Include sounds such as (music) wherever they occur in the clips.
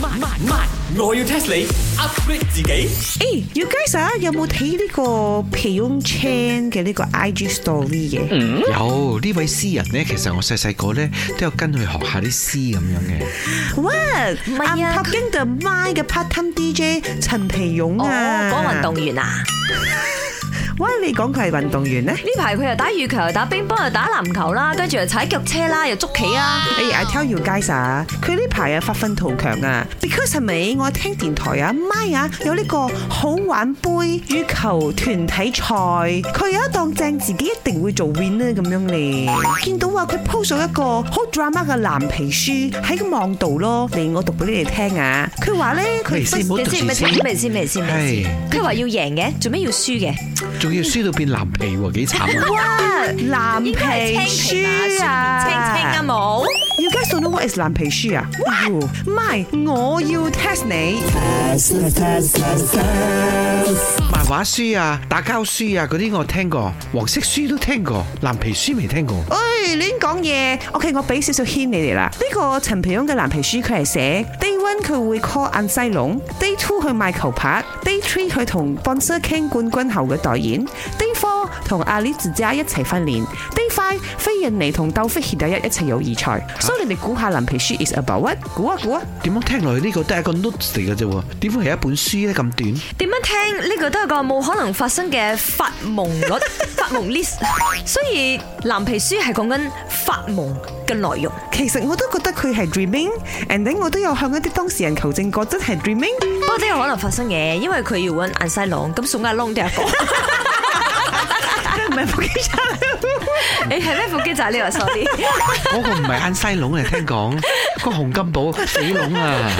慢慢，我要 test 你 upgrade 自己。誒，you guys 啊，有冇睇呢個皮勇 Chan 嘅呢個 IG story 嘅？有呢位詩人咧，其實我細細個咧都有跟佢學下啲詩咁樣嘅。What？唔係啊，Talking to my 嘅 part-time DJ 陳皮勇啊，講運動員啊。喂，你講佢係運動員呢？呢排佢又打羽球，又打乒乓，又打籃球啦，跟住又踩腳車啦，又捉棋啊！哎，I tell you，guys，佢呢排啊發奮圖強啊！Because 咪，我聽電台啊，Maya，有呢個好玩杯羽球團體賽，佢有一當正自己一定會做 winner 咁樣咧。見到話佢 post 咗一個好 drama 嘅藍皮書喺個網度咯，嚟我讀俾你哋聽啊！佢話咧，佢，你先咪停先咩先咩先，佢話是 要贏嘅，做咩要輸嘅？你要輸到變藍皮喎，幾慘啊！哇，藍皮書啊，青青嘅冇。You guys know what is 藍皮書啊？唔係，我要 test 你。test test test。漫畫書啊，打交書啊，嗰啲我聽過，黃色書都聽過，藍皮書未聽過。哎，亂講嘢。OK，我俾少少 hint 你哋啦。呢個陳皮翁嘅藍皮書，佢係寫。跟佢會 call 安西隆，day two 去賣球拍，day three 去同 Bouncer King 冠軍後嘅代言，day four 同阿麗子姐一齊訓練，day five 飛印尼同斗飛謝第一一齊友誼賽。麼所以你哋估下林皮書 is about 乜？估啊估啊！點樣聽落去呢、這個都係一個 note 嚟嘅啫？點會係一本書咧咁短？點樣聽呢、這個都係個冇可能發生嘅發夢率？ (laughs) list，所以藍皮書係講緊發夢嘅內容。其實我都覺得佢係 dreaming，and 我都有向一啲當事人求證過，確真係 dreaming。不過、嗯、都有可能發生嘅，因為佢要揾眼西龍，咁送架 long 啲房。唔係腹肌仔，你係咩副機仔？你話傻啲，嗰個唔係眼西龍啊！聽講、嗰個洪金寶死龍啊、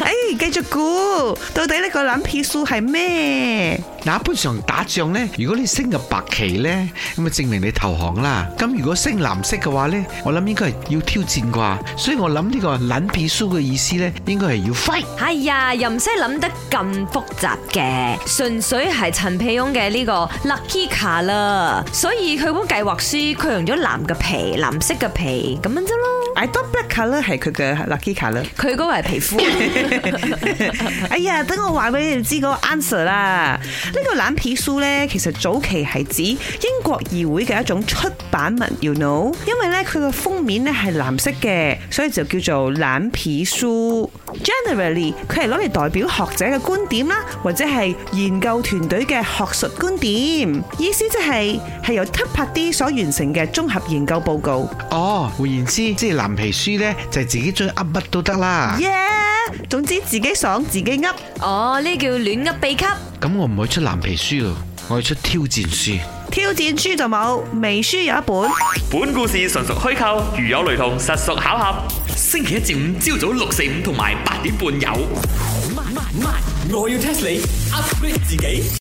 欸！哎，繼續估，到底呢個藍皮書係咩？那一般上打仗咧，如果你升入白旗咧，咁啊證明你投降啦。咁如果升藍色嘅話咧，我諗應該係要挑戰啩。所以我諗呢、呢個藍皮書嘅意思咧，應該係要 fight。係，哎呀，又唔使諗得咁複雜嘅，純粹係陳皮翁嘅呢個 lucky 卡啦。所以佢本計劃書，佢用咗藍嘅皮，藍色嘅皮咁樣啫咯。多 black color 咧係佢嘅 lucky color 咧，佢嗰個係皮膚。 (laughs) (laughs) 哎呀，等我話俾你哋知嗰個 answer 啦。呢個藍皮書咧，其實早期係指英國議會嘅一種出版物，you know？因為咧佢個封面咧係藍色嘅，所以就叫做藍皮書。Generally，佢係攞嚟代表學者嘅觀點啦，或者係研究團隊嘅學術觀點。意思即係係由 typical 所完成嘅綜合研究報告。哦，換言之，即係藍皮書咧就係、是、自己最噏乜都得啦，耶！總之自己爽自己噏，哦呢、oh，叫亂噏秘笈。咁我唔會出藍皮書咯，我要出挑戰書。挑戰書就冇，微書有一本。本故事純屬虛構，如有雷同，實屬巧合。星期一至五朝早六四五同埋八點半有。我要 test 你 upgrade、啊、自己。